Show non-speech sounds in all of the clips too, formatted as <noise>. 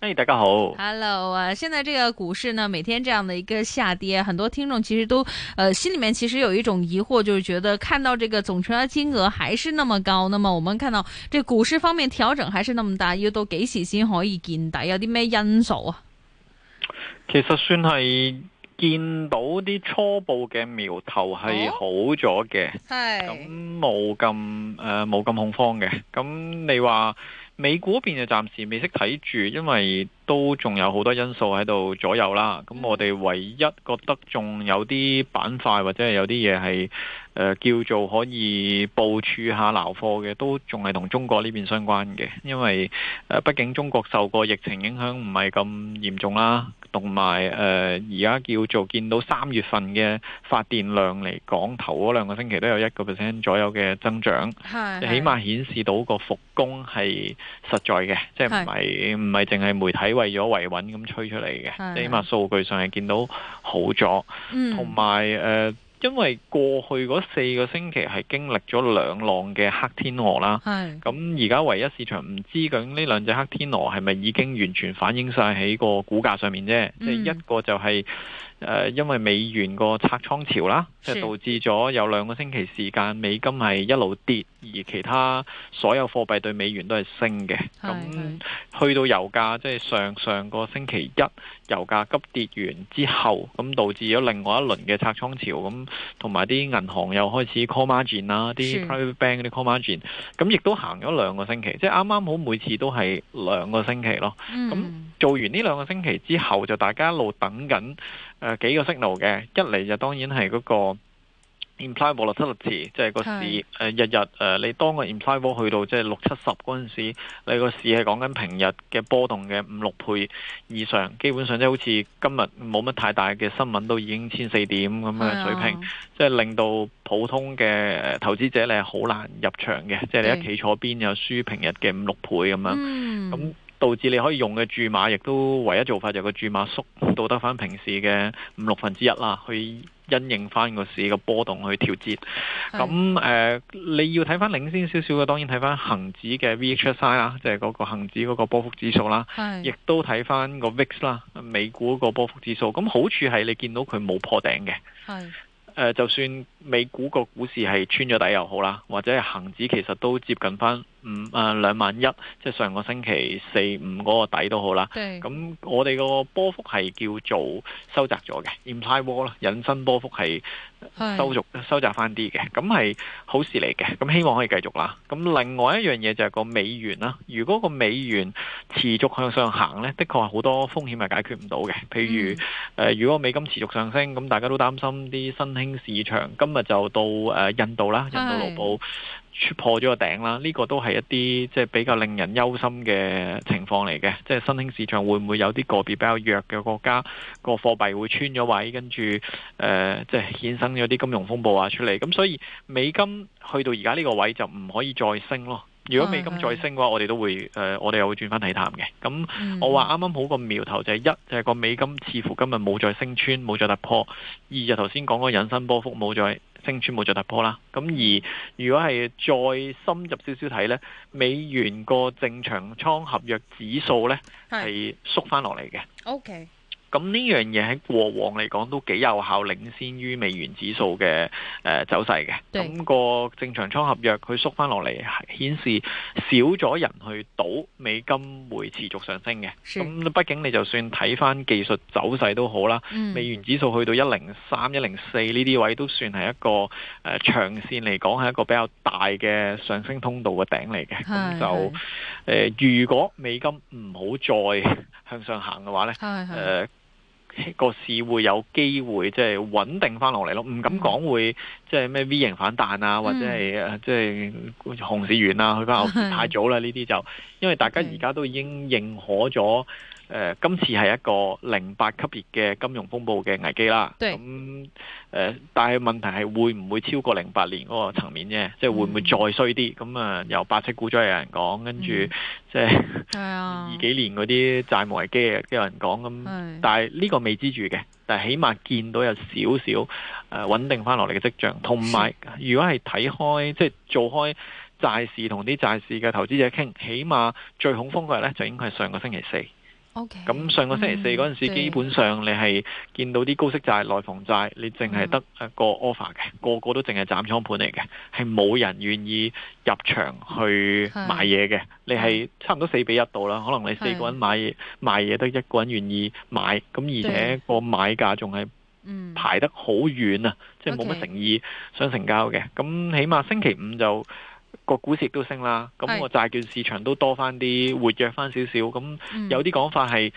誒、hey，大家好，Hello 啊！現在這個股市呢，每天這樣的一個下跌，很多聽眾其實都，誒、呃，心裏面其實有一種疑惑，就是覺得看到這個總成交金額還是那麼高，那麼我們看到這個股市方面調整還是那麼大，要到幾時先可以見底？有啲咩因素啊？其實算係見到啲初步嘅苗頭係好咗嘅，係，咁冇咁誒冇咁恐慌嘅，咁你話？美股嗰邊就暫時未識睇住，因為，都仲有好多因素喺度左右啦，咁我哋唯一覺得仲有啲板塊或者係有啲嘢係誒叫做可以部署下撈貨嘅，都仲係同中國呢邊相關嘅，因為誒畢竟中國受過疫情影響唔係咁嚴重啦，同埋誒而家叫做見到三月份嘅發電量嚟講，頭嗰兩個星期都有一個 percent 左右嘅增長，係起碼顯示到個復工係實在嘅，即係唔係唔係淨係媒體。為咗維穩咁吹出嚟嘅，即、嗯、起碼數據上係見到好咗，同埋誒，因為過去嗰四個星期係經歷咗兩浪嘅黑天鵝啦，咁而家唯一市場唔知究竟呢兩隻黑天鵝係咪已經完全反映晒喺個股價上面啫，即係一個就係。誒、呃，因為美元個拆倉潮啦，即係導致咗有兩個星期時間，美金係一路跌，而其他所有貨幣對美元都係升嘅。咁去到油價，即係上上個星期一，油價急跌完之後，咁導致咗另外一輪嘅拆倉潮。咁同埋啲銀行又開始 call margin 啦，啲 private bank 嗰啲 call margin，咁亦都行咗兩個星期，即係啱啱好每次都係兩個星期咯。咁、嗯嗯、做完呢兩個星期之後，就大家一路等緊。誒、呃，幾個 a l 嘅，一嚟就當然係嗰個 intra e 六七六字，即係個市誒、呃，日日誒、呃，你當個 i p l i a 波去到即係六七十嗰陣時候，你個市係講緊平日嘅波動嘅五六倍以上，基本上即係好似今日冇乜太大嘅新聞都已經千四點咁嘅水平，即係、啊就是、令到普通嘅投資者你係好難入場嘅，即係、就是、你一企坐邊有輸平日嘅五六倍咁樣，咁、嗯。導致你可以用嘅注碼，亦都唯一做法就係個注碼縮到得翻平時嘅五六分之一啦，去因應翻個市嘅波動去調節。咁誒、呃，你要睇翻領先少少嘅，當然睇翻恒指嘅 VHSI 啦，即係嗰個恆指嗰個波幅指數啦，亦都睇翻個 VIX 啦，美股個波幅指數。咁好處係你見到佢冇破頂嘅。係、呃、就算美股個股市係穿咗底又好啦，或者係恒指其實都接近翻。五、嗯、誒，兩萬一，即係上個星期四五嗰個底都好啦。咁我哋個波幅係叫做收窄咗嘅，implied vol 啦，引申波幅係收縮、收窄翻啲嘅。咁係好事嚟嘅。咁希望可以繼續啦。咁另外一樣嘢就係個美元啦。如果個美元持續向上行呢，的確係好多風險係解決唔到嘅。譬如、嗯呃、如果美金持續上升，咁大家都擔心啲新興市場。今日就到印度啦，印度盧布。出破咗個頂啦，呢個都係一啲即係比較令人憂心嘅情況嚟嘅，即係新興市場會唔會有啲個別比較弱嘅國家個貨幣會穿咗位，跟住誒即係衍生咗啲金融風暴啊出嚟，咁所以美金去到而家呢個位就唔可以再升咯。如果美金再升嘅話，嗯、的我哋都會，誒、呃，我哋又會轉翻睇淡嘅。咁、嗯、我話啱啱好個苗頭就係、是、一就係、是、個美金似乎今日冇再升穿，冇再突破；二就頭先講個引伸波幅冇再升穿，冇再突破啦。咁而如果係再深入少少睇呢，美元個正常倉合約指數呢，係縮翻落嚟嘅。Okay. 咁呢樣嘢喺過往嚟講都幾有效，領先於美元指數嘅誒走勢嘅。咁、那個正常倉合約佢縮翻落嚟，顯示少咗人去賭美金會持續上升嘅。咁畢竟你就算睇翻技術走勢都好啦，嗯、美元指數去到一零三、一零四呢啲位都算係一個誒、呃、長線嚟講係一個比較大嘅上升通道嘅頂嚟嘅。咁就誒、呃，如果美金唔好再向上行嘅話咧，誒。個市會有機會即係穩定翻落嚟咯，唔敢講會即係咩 V 型反彈啊，或者係即係熊市完啊，去翻牛太早啦，呢啲就因為大家而家都已經認可咗。呃、今次係一個零八級別嘅金融風暴嘅危機啦。咁、嗯呃、但係問題係會唔會超過零八年嗰個層面啫？即、嗯、係會唔會再衰啲？咁、嗯、啊，由八七股災有人講，跟住、嗯、即係、啊、二幾年嗰啲債務危機有人講咁。但係呢個未知住嘅，但係起碼見到有少少、呃、穩定翻落嚟嘅跡象。同埋，如果係睇開即係做開債市同啲債市嘅投資者傾，起碼最恐慌嘅呢，就應該係上個星期四。咁、okay, 上個星期四嗰陣時，基本上你係見到啲高息債、內房債，你淨係得一個 offer 嘅、嗯，個個都淨係斬倉盤嚟嘅，係冇人願意入場去買嘢嘅。你係差唔多四比一度啦，可能你四個人買嘢，買嘢，得一個人願意買，咁而且個買價仲係排得好遠啊、嗯，即係冇乜誠意想成交嘅。咁、okay, 起碼星期五就。個股市亦都升啦，咁個債券市場都多翻啲、嗯、活躍翻少少，咁有啲講法係、嗯、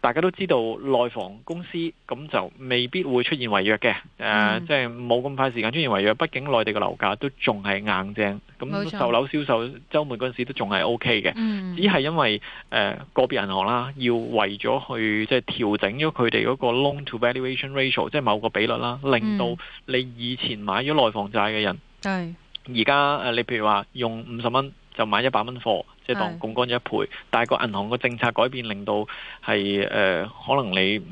大家都知道內房公司咁就未必會出現違約嘅，誒、嗯，即係冇咁快時間出現違約，畢竟內地嘅樓價都仲係硬正，咁售樓銷售周末嗰陣時都仲係 O K 嘅，只係因為誒、呃、個別銀行啦，要為咗去即係調整咗佢哋嗰個 loan to valuation ratio，即係某個比率啦、嗯，令到你以前買咗內房債嘅人，係。而家誒，你譬如話用五十蚊就買一百蚊貨，即、就、係、是、當槓桿咗一倍。是但係個銀行個政策改變，令到係誒、呃，可能你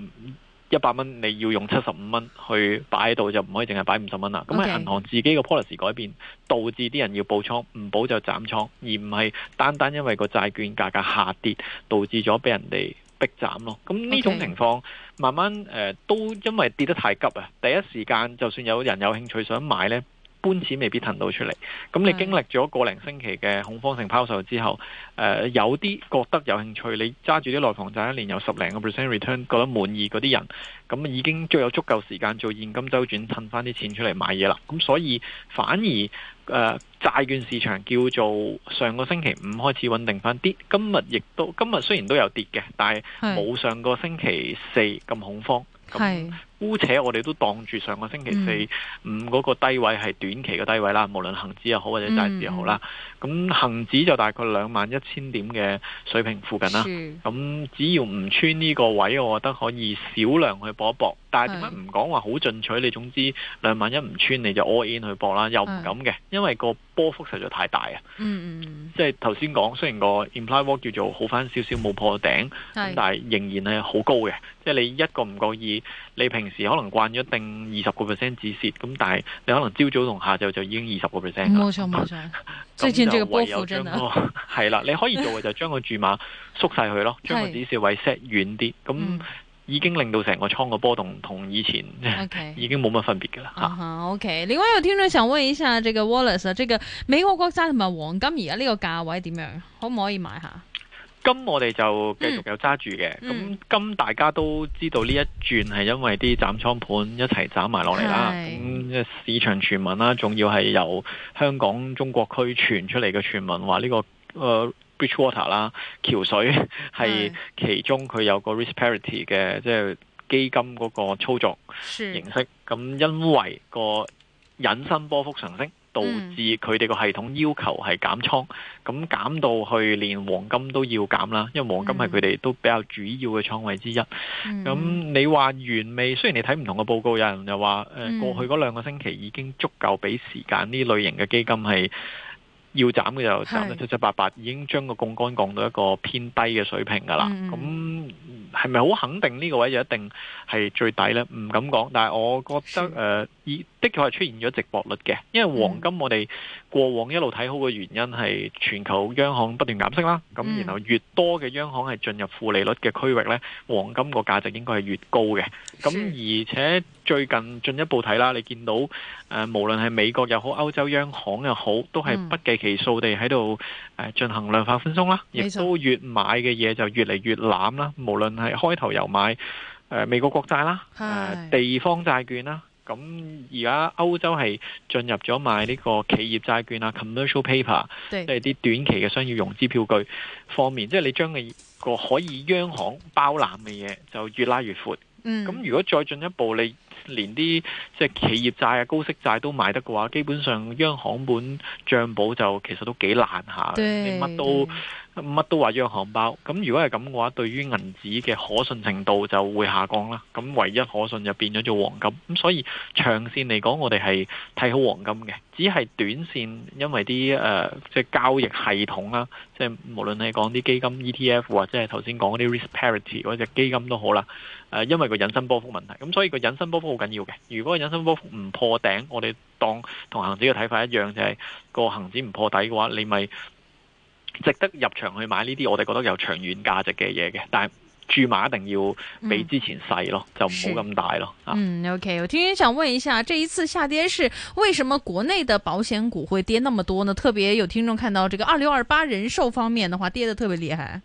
一百蚊你要用七十五蚊去擺喺度，就唔可以淨係擺五十蚊啦。咁、okay。喺銀行自己個 policy 改變，導致啲人要補倉，唔補就斬倉，而唔係單單因為個債券價格下跌導致咗俾人哋逼斬咯。咁呢種情況慢慢誒、呃、都因為跌得太急啊，第一時間就算有人有興趣想買呢。官錢未必騰到出嚟，咁你經歷咗個零星期嘅恐慌性拋售之後，誒、呃、有啲覺得有興趣，你揸住啲內房債一年有十零個 percent return，覺得滿意嗰啲人，咁已經足有足夠時間做現金周轉，騰翻啲錢出嚟買嘢啦。咁所以反而誒、呃、債券市場叫做上個星期五開始穩定翻啲，今日亦都今日雖然都有跌嘅，但係冇上個星期四咁恐慌。係。姑且我哋都當住上個星期四五嗰，嗯，那個低位係短期嘅低位啦，嗯，無論恒指又好或者大市又好啦。咁，嗯，恒指就大概兩萬一千點嘅水平附近啦。咁只要唔穿呢個位，我覺得可以少量去搏一搏。但係點解唔講話好進取？你總之兩萬一唔穿，你就 all in 去搏啦。又唔敢嘅，因為個波幅實在太大啊。嗯，即係頭先講，雖然個 implied vol 叫做好翻少少冇破頂，但係仍然係好高嘅。即、就、係、是，你一個唔覺意，你平。平時可能慣咗定二十個 percent 止蝕，咁但係你可能朝早同下晝就已經二十 <laughs> 個 percent、 <laughs> 那個。冇錯冇錯，之前只波幅真係。係啦，你可以做嘅就將個注碼縮晒佢咯，將個止蝕位 set 遠啲，咁已經令到成個倉嘅波動同以前已經冇乜分別噶啦。o、okay. 啊 uh -huh. k、okay. 另外有聽眾想問一下，這個 Wallace 啊，這個美國國債同埋黃金而家呢個價位點樣，可唔可以買下？咁我哋就繼續有揸住嘅，咁、嗯、今、嗯、大家都知道呢一轉係因為啲斬倉盤一齊斬埋落嚟啦。咁市場傳聞啦、啊，仲要係由香港中國區傳出嚟嘅傳聞、這個，話、呃、呢個 Bridge Water 啦橋水係其中佢有個 Risk Parity 嘅即係、就是、基金嗰個操作形式。咁因為個引伸波幅上升。導致佢哋個系統要求係減倉，咁減到去連黃金都要減啦，因為黃金係佢哋都比較主要嘅倉位之一。咁你話完未？雖然你睇唔同嘅報告，有人又話誒過去嗰兩個星期已經足夠俾時間呢類型嘅基金係要斬嘅，就斬得七七八八，已經將個槓桿降到一個偏低嘅水平噶啦。咁係咪好肯定呢個位就一定係最底呢？唔敢講，但係我覺得誒依。的確係出現咗直薄率嘅，因為黃金我哋過往一路睇好嘅原因係全球央行不斷減息啦，咁然後越多嘅央行係進入負利率嘅區域呢，黃金個價值應該係越高嘅。咁而且最近進一步睇啦，你見到誒，無論係美國又好，歐洲央行又好，都係不計其數地喺度誒進行量化寬鬆啦，亦都越買嘅嘢，就越嚟越濫啦。無論係開頭又買誒美國國債啦，誒地方債券啦。咁而家歐洲係進入咗買呢個企業債券啊，commercial paper，即係啲短期嘅商業融資票據方面，即係你將嘅個可以央行包攬嘅嘢就越拉越闊。咁、嗯、如果再進一步，你連啲即係企業債、啊、高息債都買得嘅話，基本上央行本帳簿就其實都幾爛嚇，你乜都。乜都話央行包，咁如果係咁嘅話，對於銀紙嘅可信程度就會下降啦。咁唯一可信就變咗做黃金。咁所以長線嚟講，我哋係睇好黃金嘅。只係短線，因為啲誒即係交易系統啦，即係無論你講啲基金 ETF 或者係頭先講啲 risk parity 嗰隻基金都好啦、呃。因為個引伸波幅問題，咁所以個引伸波幅好緊要嘅。如果引伸波幅唔破頂，我哋當同恆指嘅睇法一樣，就係、是、個恆指唔破底嘅話，你咪，值得入場去買呢啲，我哋覺得有長遠價值嘅嘢嘅，但係注碼一定要比之前細咯，嗯、就唔好咁大咯。嗯，OK，我聽想問一下，這一次下跌是為什麼國內的保險股會跌那麼多呢？特別有聽眾看到這個二六二八人壽方面的話，跌得特別厲害。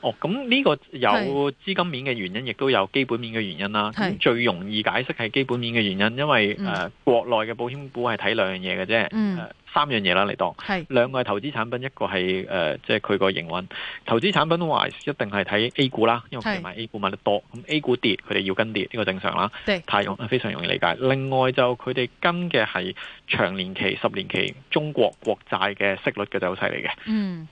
哦，咁、這、呢個有資金面嘅原因，亦都有基本面嘅原因啦。咁最容易解釋係基本面嘅原因，因為誒、嗯呃、國內嘅保險股係睇兩樣嘢嘅啫，嗯三樣嘢啦嚟當。係兩個係投資產品，一個係誒即係佢個營運。投資產品話一定係睇 A 股啦，因為佢買 A 股買得多。咁 A 股跌，佢哋要跟跌，呢、這個正常啦。太容，非常容易理解。另外就佢哋跟嘅係長年期、十年期中國國債嘅息率嘅走勢嚟嘅。嗯。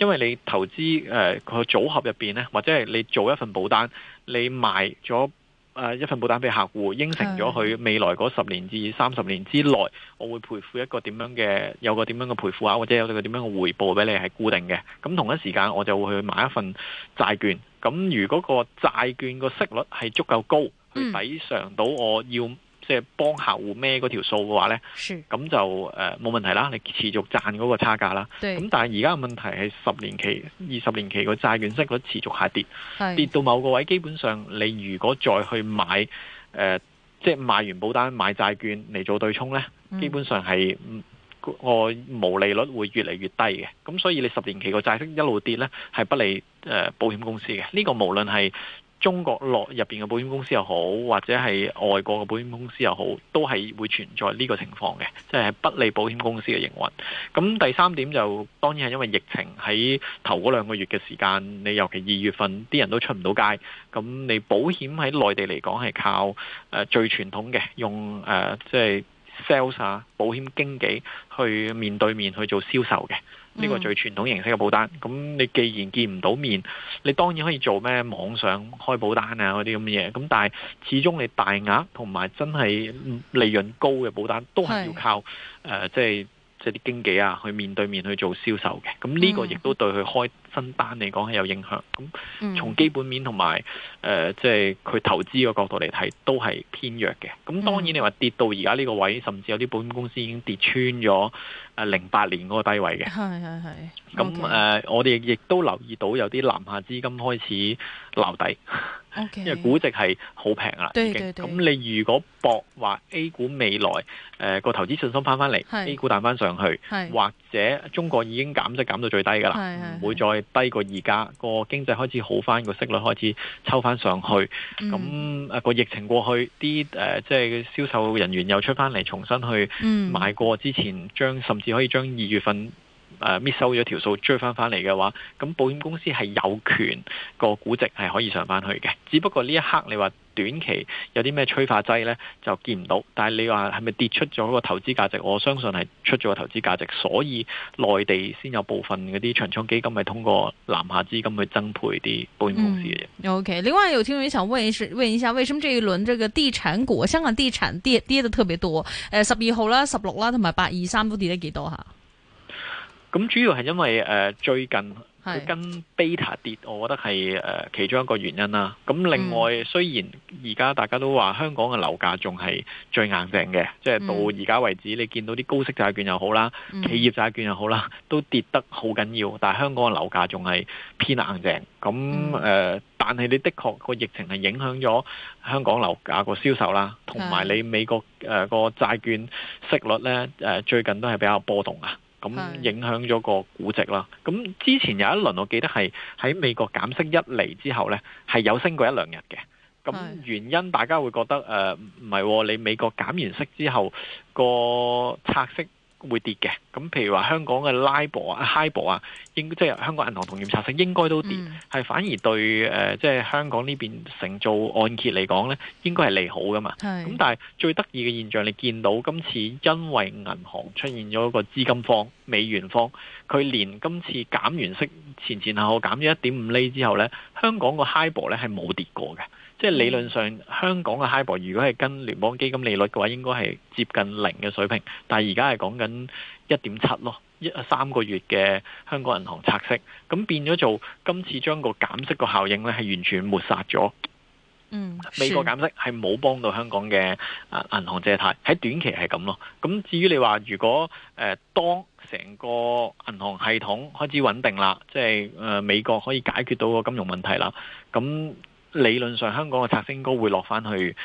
因為你投資誒個、呃、組合入邊或者係你做一份保單，你賣咗誒、呃、一份保單俾客戶，應承咗佢未來嗰十年至三十年之內，我會賠付一個點樣嘅，有個點樣嘅賠付額，或者有個點樣嘅回報俾你係固定嘅。咁同一時間，我就會去買一份債券。咁如果個債券個息率係足夠高，嗯、去抵償到我要，即係幫客戶孭嗰條數嘅話呢，咁就誒冇、呃、問題啦，你持續賺嗰個差價啦。咁但係而家嘅問題係十年期、二十年期個債券息率持續下跌，跌到某個位，基本上你如果再去買、呃、即係買完保單買債券嚟做對沖呢，基本上係個、嗯、毛利率會越嚟越低嘅。咁所以你十年期個債息一路跌呢，係不利誒、呃、保險公司嘅。呢、呢個無論係中國入面嘅保險公司又好，或者係外國嘅保險公司又好，都係會存在呢個情況嘅，即係不利保險公司嘅營運。咁第三點就當然係因為疫情喺頭嗰兩個月嘅時間，你尤其二月份啲人都出唔到街，咁你保險喺內地嚟講係靠最傳統嘅用誒即係 sales 啊，呃就是、sales，保險經紀去面對面去做銷售嘅。呢個最傳統形式嘅保單，咁你既然見唔到面，你當然可以做咩網上開保單啊嗰啲咁嘅嘢，咁但係始終你大額同埋真係利潤高嘅保單，都係要靠誒即係即係啲經紀啊去面對面去做銷售嘅，咁呢個亦都對佢開嗯新單嚟講係有影響，咁從基本面同埋誒，即係佢投資嘅角度嚟睇，都係偏弱嘅。咁當然你話跌到而家呢個位、嗯，甚至有啲保險公司已經跌穿咗啊零八年嗰個低位嘅。咁、okay, uh, 我哋亦，亦都留意到有啲南下資金開始留底，okay, 因為估值係好平啊。咁你如果博話 A 股未來誒個、呃、投資信心翻翻嚟，A 股彈翻上去，或者中國已經減息減到最低㗎啦，唔會再。低過，而家個經濟開始好翻，個息率開始抽翻上去。咁、mm. 個疫情過去，啲誒即係銷售人員又出翻嚟，重新去買過，mm. 之前，將甚至可以將二月份。誒、啊、搣收咗條數追翻翻嚟嘅話，咁保險公司係有權、那個估值係可以上翻去嘅。只不過呢一刻你話短期有啲咩催化劑呢，就見唔到。但係你話係咪跌出咗個投資價值？我相信係出咗個投資價值，所以內地先有部分嗰啲長倉基金係通過南下資金去增配啲保險公司嘅嘢。嗯、o、okay, K，另外有聽眾想問一下，為什麼這一輪這個地產股，香港地產跌跌得特別多？十、呃、二號啦、十六啦，同埋八二三都跌得幾多吓？咁主要係因為誒、呃、最近佢跟 Beta 跌，我覺得係誒、呃、其中一個原因啦。咁另外、嗯、雖然而家大家都話香港嘅樓價仲係最硬淨嘅，即、就、係、是、到而家為止、嗯，你見到啲高息債券又好啦、嗯，企業債券又好啦，都跌得好緊要。但係香港嘅樓價仲係偏硬淨。咁誒、嗯呃，但係你的確個疫情係影響咗香港樓價個銷售啦，同埋你美國誒個債券息率咧誒、呃、最近都係比較波動啊。咁影響咗個估值啦。咁之前有一輪，我記得係喺美國減息一嚟之後呢，係有升過一兩日嘅。咁原因大家會覺得誒，唔係喎，你美國減完息之後個拆息，會跌嘅，咁譬如話香港嘅 Libor 啊、Hibor 啊，應即係香港銀行同業拆息應該都跌，係反而對誒，即係香港呢邊承做按揭嚟講呢，應該係利好噶嘛。咁但係最得意嘅現象，你見到今次因為銀行出現咗一個資金方、美元方，佢連今次減完息前前後後減咗一點五厘之後呢。香港個 HIBOR 咧係冇跌過嘅，即係理論上香港嘅 HIBOR 如果係跟聯邦基金利率嘅話，應該係接近零嘅水平，但係而家係講緊一點七咯，一三個月嘅香港銀行拆息，咁變咗做今次將個減息個效應咧係完全抹殺咗。嗯。美國減息係冇幫到香港嘅銀行借貸喺短期係咁咯。咁至於你話如果誒、呃、當成個銀行系統開始穩定啦，即係誒、呃、美國可以解決到個金融問題啦。咁理論上香港嘅拆升高會落翻去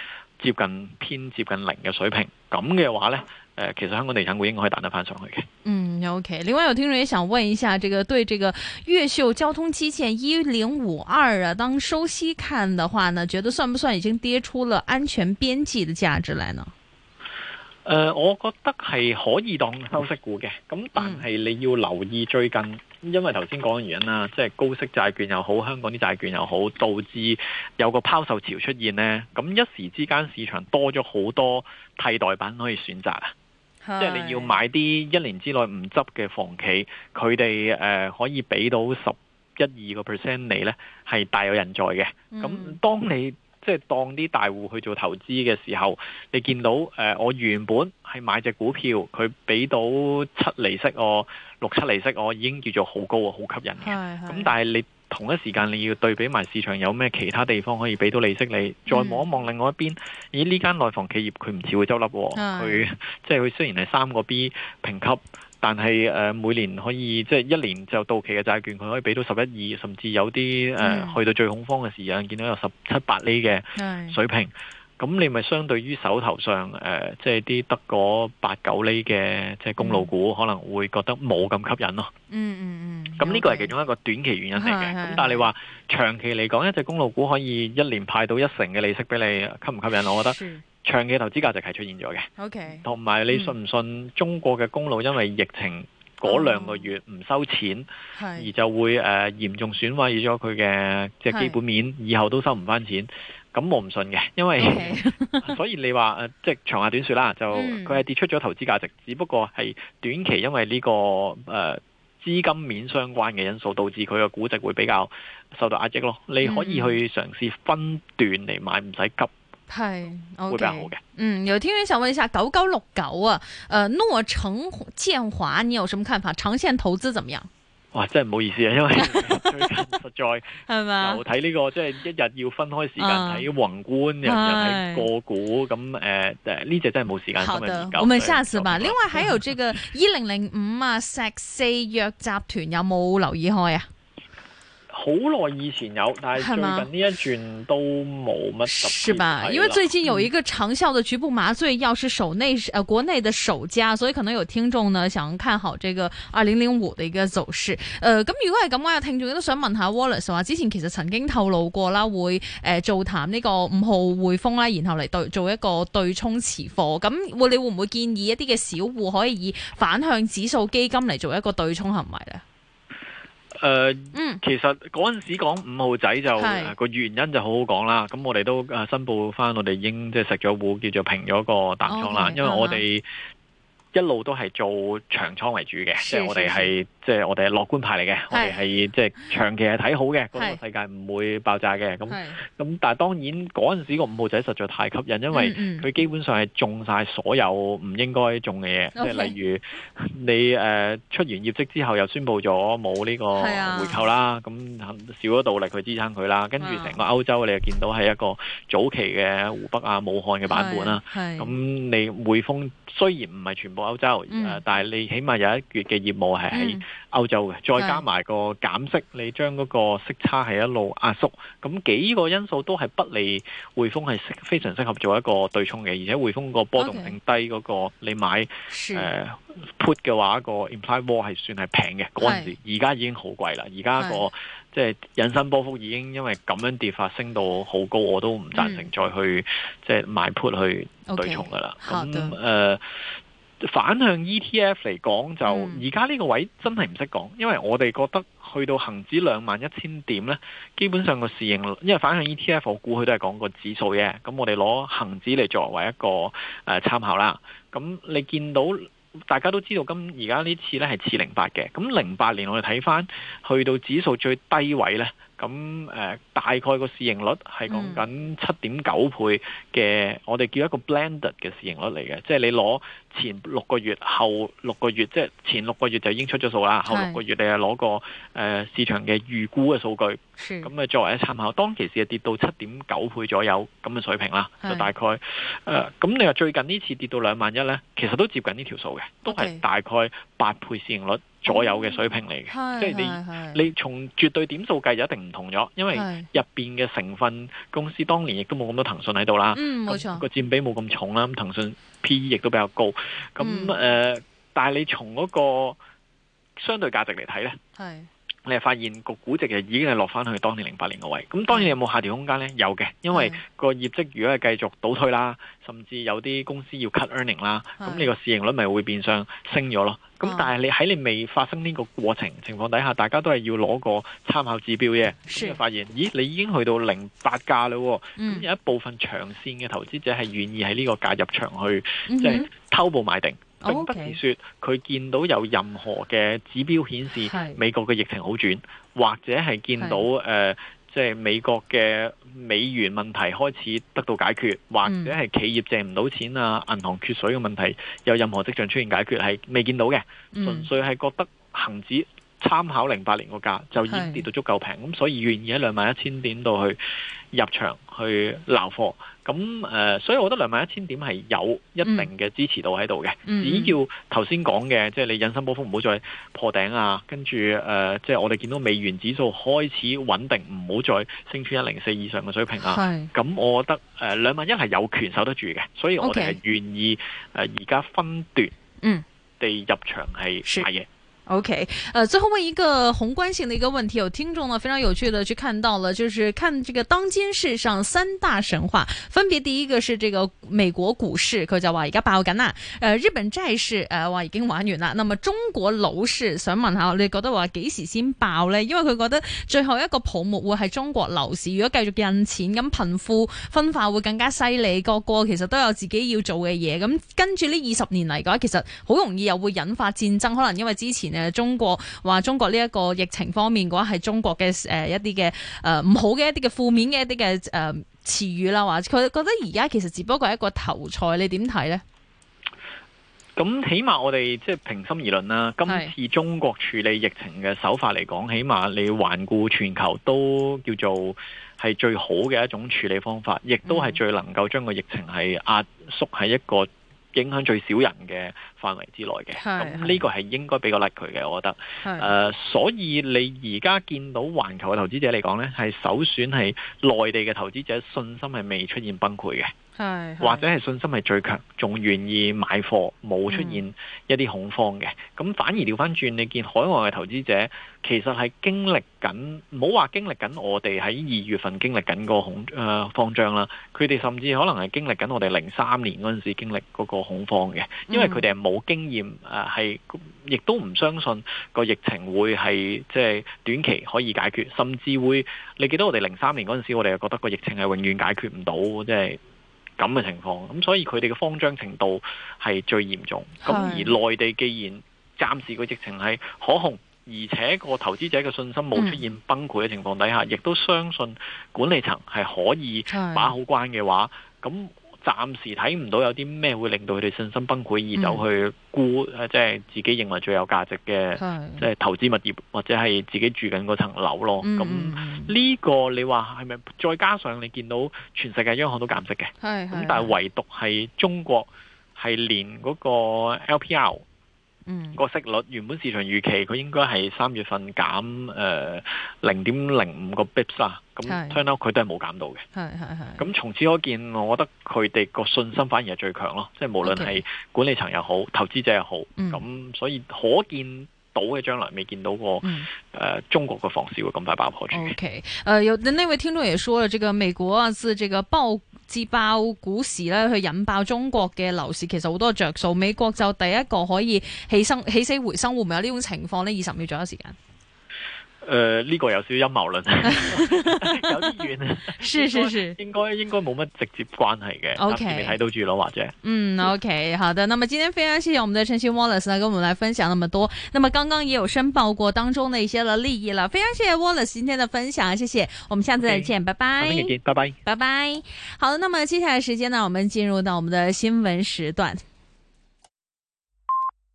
接近偏接近零嘅水平。咁嘅話呢，誒、呃、其實香港地產股應該可以彈得翻上去嘅。嗯，OK。另外有聽眾想問一下，這個對這個越秀交通基建一零五二啊，當收息看的話呢，覺得算不算已經跌出了安全邊際的價值來呢？誒、呃，我覺得係可以當收息股嘅，咁但係你要留意最近，因為頭先講嘅原因啦，即係高息債券又好，香港啲債券又好，導致有個拋售潮出現呢。咁一時之間市場多咗好多替代品可以選擇啊，即係你要買啲一,一年之內唔執嘅房企，佢哋誒可以俾到十一二個 percent 你呢，係大有人在嘅，咁當你。即係當啲大戶去做投資嘅時候，你見到誒、呃，我原本係買隻股票，佢俾到七厘息我，六七厘息我已經叫做好高，好吸引嘅。咁但係你同一時間你要對比埋市場有咩其他地方可以俾到利息你，再望一望另外一邊，嗯、咦，呢間內房企業佢唔似會執笠、哦，佢即係佢雖然係三個 B 評級。但係誒、呃、每年可以即係一年就到期嘅債券，佢可以俾到十一二，12，甚至有啲誒、呃、去到最恐慌嘅時間，見到有十七八厘嘅水平。咁你咪相對於手頭上誒、呃、即係啲得嗰八九厘嘅即係公路股、嗯，可能會覺得冇咁吸引咯。嗯嗯嗯。咁、嗯、呢個係其中一個短期原因嚟嘅。咁但係你話長期嚟講，一隻公路股可以一年派到一成嘅利息俾你，吸唔吸引？我覺得。長期投資價值係出現咗嘅，同、okay, 埋你信唔信中國嘅公路因為疫情嗰兩個月唔收錢、嗯，而就會嚴、呃、重損壞咗佢嘅即係基本面，以後都收唔返錢。咁我唔信嘅，因為 okay, <laughs> 所以你話、呃、即係長話短説啦，就佢係跌出咗投資價值、嗯，只不過係短期因為呢、這個誒資、呃、金面相關嘅因素導致佢嘅估值會比較受到壓抑咯。你可以去嘗試分段嚟買，唔、嗯、使急。.係，OK，會比較好。嗯，有天想問一下，九九六九啊？誒、呃，諾誠健華，你有什麼看法？長線投資怎麼樣？哇，真係唔好意思啊，因為最近 <laughs> 實在係嘛，又睇呢個即係一日要分開時間睇宏觀，又又睇個股，咁誒誒呢隻真係冇時間深入研究，我問下次吧，另外喺有呢個二零零五啊 <laughs> 石四藥集團有冇留意開啊？好耐以前有，但係最近呢一轉都冇乜特別是，是吧？因為最近有一個長效的局部麻醉藥是首內誒、呃、國內的首家，所以可能有聽眾呢想看好這個二零零五的一個走勢。誒、呃，咁如果係咁嘅話，我有聽眾都想問下 Wallace 話，之前其實曾經透露過啦，會誒、呃、做淡呢個五號匯豐啦，然後嚟對做一個對沖持貨。咁會你會唔會建議一啲嘅小戶可以以反向指數基金嚟做一個對沖行為咧？是誒、呃嗯，其實嗰陣時講五號仔就個原因就好好講啦。咁我哋都誒申報翻，我哋已經即係食咗糊叫做平咗個蛋倉啦，okay, 因為我哋，一路都係做長倉為主嘅，即係我哋係即係我哋係樂觀派嚟嘅，我哋係即係長期係睇好嘅，個世界唔會爆炸嘅。咁咁，但係當然嗰陣時個五號仔實在太吸引，因為佢基本上係中晒所有唔應該中嘅嘢，即係例如、okay、你誒、呃、出完業績之後又宣佈咗冇呢個回購啦，咁少咗動力去支撐佢啦。跟住成個歐洲你又見到係一個早期嘅湖北啊、武漢嘅版本啦、啊。咁你每封雖然唔係全部歐洲，嗯、但係你起碼有一月嘅業務係喺歐洲嘅、嗯，再加埋個減息，你將嗰個息差係一路壓縮，咁、啊、幾個因素都係不利匯豐係適非常適合做一個對沖嘅，而且匯豐個波動性低嗰、嗰個 okay，你買誒、呃、put 嘅話，嗰個 implied vol 係算係平嘅嗰陣時候，而家已經好貴啦，而家、嗰個。即係引伸波幅已經因為咁樣跌，發升到好高，我都唔贊成再去、嗯、即係買 put 去對沖噶啦。咁、okay, 誒、呃、反向 ETF 嚟講，就而家呢個位真係唔識講，因為我哋覺得去到恒指兩萬一千點呢，基本上個市盈，因為反向 ETF，我估佢都係講個指數啫。咁我哋攞恒指嚟作為一個誒參、呃、考啦。咁你見到？大家都知道今而家呢次呢係次零八嘅，咁零八年我哋睇翻，去到指數最低位呢，咁誒、呃、大概個市盈率係講緊七點九倍嘅，我哋叫一個 blended 嘅市盈率嚟嘅，即係你攞。前六個月、後六個月，即係前六個月就已經出咗數啦。後六個月你係攞個誒市場嘅預估嘅數據。咁啊作為參考，當其時係跌到七點九倍左右咁嘅水平啦，就大概誒咁、呃、你話最近呢次跌到兩萬一咧，其實都接近呢條數嘅，都係大概八倍市盈率左右嘅水平嚟嘅。即、okay、係、就是、你你從絕對點數計就一定唔同咗，因為入邊嘅成分公司當年亦都冇咁多騰訊喺度啦。冇、嗯、錯，個佔比冇咁重啦。咁騰訊。P/E 亦都比較高，咁誒、嗯呃，但係你從嗰個相對價值嚟睇咧，係。你係發現個估值已經係落翻去當年零八年個位，咁當然有冇下調空間呢？嗯、有嘅，因為個業績如果係繼續倒退啦，甚至有啲公司要 cut earning 啦，咁你個市盈率咪會變相升咗咯？咁、哦、但係你喺你未發生呢個過程情況底下，大家都係要攞個參考指標嘅，先發現咦你已經去到零八價嘞喎，咁有一部分長線嘅投資者係願意喺呢個價入場去，即、嗯、係、即係、偷步買定。並不是說佢、okay. 見到有任何嘅指標顯示美國嘅疫情好轉，或者係見到誒即係美國嘅美元問題開始得到解決，是或者係企業借唔到錢啊，銀、嗯、行缺水嘅問題有任何跡象出現解決，係未見到嘅，純、嗯、粹係覺得恒指參考零八年個價就已經跌到足夠平，咁所以願意喺兩萬一千點度去入場去撈貨。咁誒、呃，所以我覺得兩萬一千點係有一定嘅支持度喺度嘅。只要頭先講嘅，即、就、係、是、你引伸波幅唔好再破頂啊，跟住誒，即、呃、係、就是、我哋見到美元指數開始穩定，唔好再升穿一零四以上嘅水平啊。咁我覺得誒兩萬一係有權守得住嘅，所以我哋係願意誒而家分段地入場係買嘢。嗯 OK，誒、呃，最後問一個宏觀性的一個問題，有聽眾呢非常有趣的去看到了，就是看這個當今世上三大神話，分別第一個是這個美國股市，佢就話而家爆緊啦，誒、呃，日本債市誒話、呃、已經玩完啦，那麼中國樓市想問下，你覺得話幾時先爆呢？因為佢覺得最後一個泡沫會係中國樓市，如果繼續印錢咁貧富分化會更加犀利，個個其實都有自己要做嘅嘢，咁跟住呢二十年嚟嘅話，其實好容易又會引發戰爭，可能因為之前。誒，中國話中國呢一個疫情方面嘅話，係中國嘅誒一啲嘅誒唔好嘅一啲嘅負面嘅一啲嘅誒詞語啦，話佢覺得而家其實只不過係一個頭菜，你點睇呢？咁起碼我哋即係平心而論啦，今次中國處理疫情嘅手法嚟講，起碼你環顧全球都叫做係最好嘅一種處理方法，亦都係最能夠將個疫情係壓縮喺一個。影響最少人嘅範圍之內嘅，咁呢個係應該比較甩佢嘅，我覺得。誒、呃，所以你而家見到環球嘅投資者嚟講呢，係首選係內地嘅投資者，信心係未出現崩潰嘅。是是或者係信心係最強，仲願意買貨，冇出現一啲恐慌嘅。咁、嗯、反而調翻轉，你見海外嘅投資者其實係經歷緊，唔好話經歷緊我哋喺二月份經歷緊個恐誒慌張啦。佢、呃、哋甚至可能係經歷緊我哋零三年嗰陣時候經歷嗰個恐慌嘅，因為佢哋係冇經驗誒，係、嗯、亦、啊、都唔相信個疫情會係即係短期可以解決，甚至會你記得我哋零三年嗰陣時候，我哋又覺得個疫情係永遠解決唔到，即係。咁嘅情況，咁所以佢哋嘅慌張程度係最嚴重。咁而內地既然暫時個疫情係可控，而且個投資者嘅信心冇出現崩潰嘅情況底下，亦、嗯、都相信管理層係可以把好關嘅話，咁。暫時睇唔到有啲咩會令到佢哋信心崩潰而走去沽、嗯，即係自己認為最有價值嘅，即係投資物業或者係自己住緊嗰層樓咯。咁、嗯、呢個你話係咪？再加上你見到全世界央行都減息嘅，咁但係唯獨係中國係連嗰個 LPR。嗯，個息率原本市場預期佢應該係三月份減誒零點零五個 Bips、啊、啦，咁、嗯、turn out 佢都係冇減到嘅。係係係。咁、嗯、從此可見，我覺得佢哋個信心反而係最強咯，即係無論係管理層又好，投資者又好，咁、嗯嗯、所以可見到嘅將來未見到過誒、嗯呃、中國嘅房市會咁快爆破住。O K，誒有，呢位聽眾也說了，這個美國啊自這個爆自爆股市咧，去引爆中國嘅樓市，其實很多好多着數，美國就第一個可以起生起死回生，會唔會有呢種情況咧？二十秒左右時間。呃呢、這個有少陰謀論， <laughs> <laughs> 有啲點遠。 <laughs> 是是是應，應該應該冇乜直接關係嘅。O K. 未睇到住咯，或者。嗯，O、okay, K. 好的，那麼今天非常謝謝我們的陳昕 Wallace 呢跟我們來分享那麼多。那麼剛剛也有申報過當中的一些嘅利益了，非常謝謝 Wallace 今天的分享，謝謝。我們下次再見，okay. 拜拜。再見，拜拜，拜拜。好的，那麼接下來時間呢，我們進入到我們的新聞時段。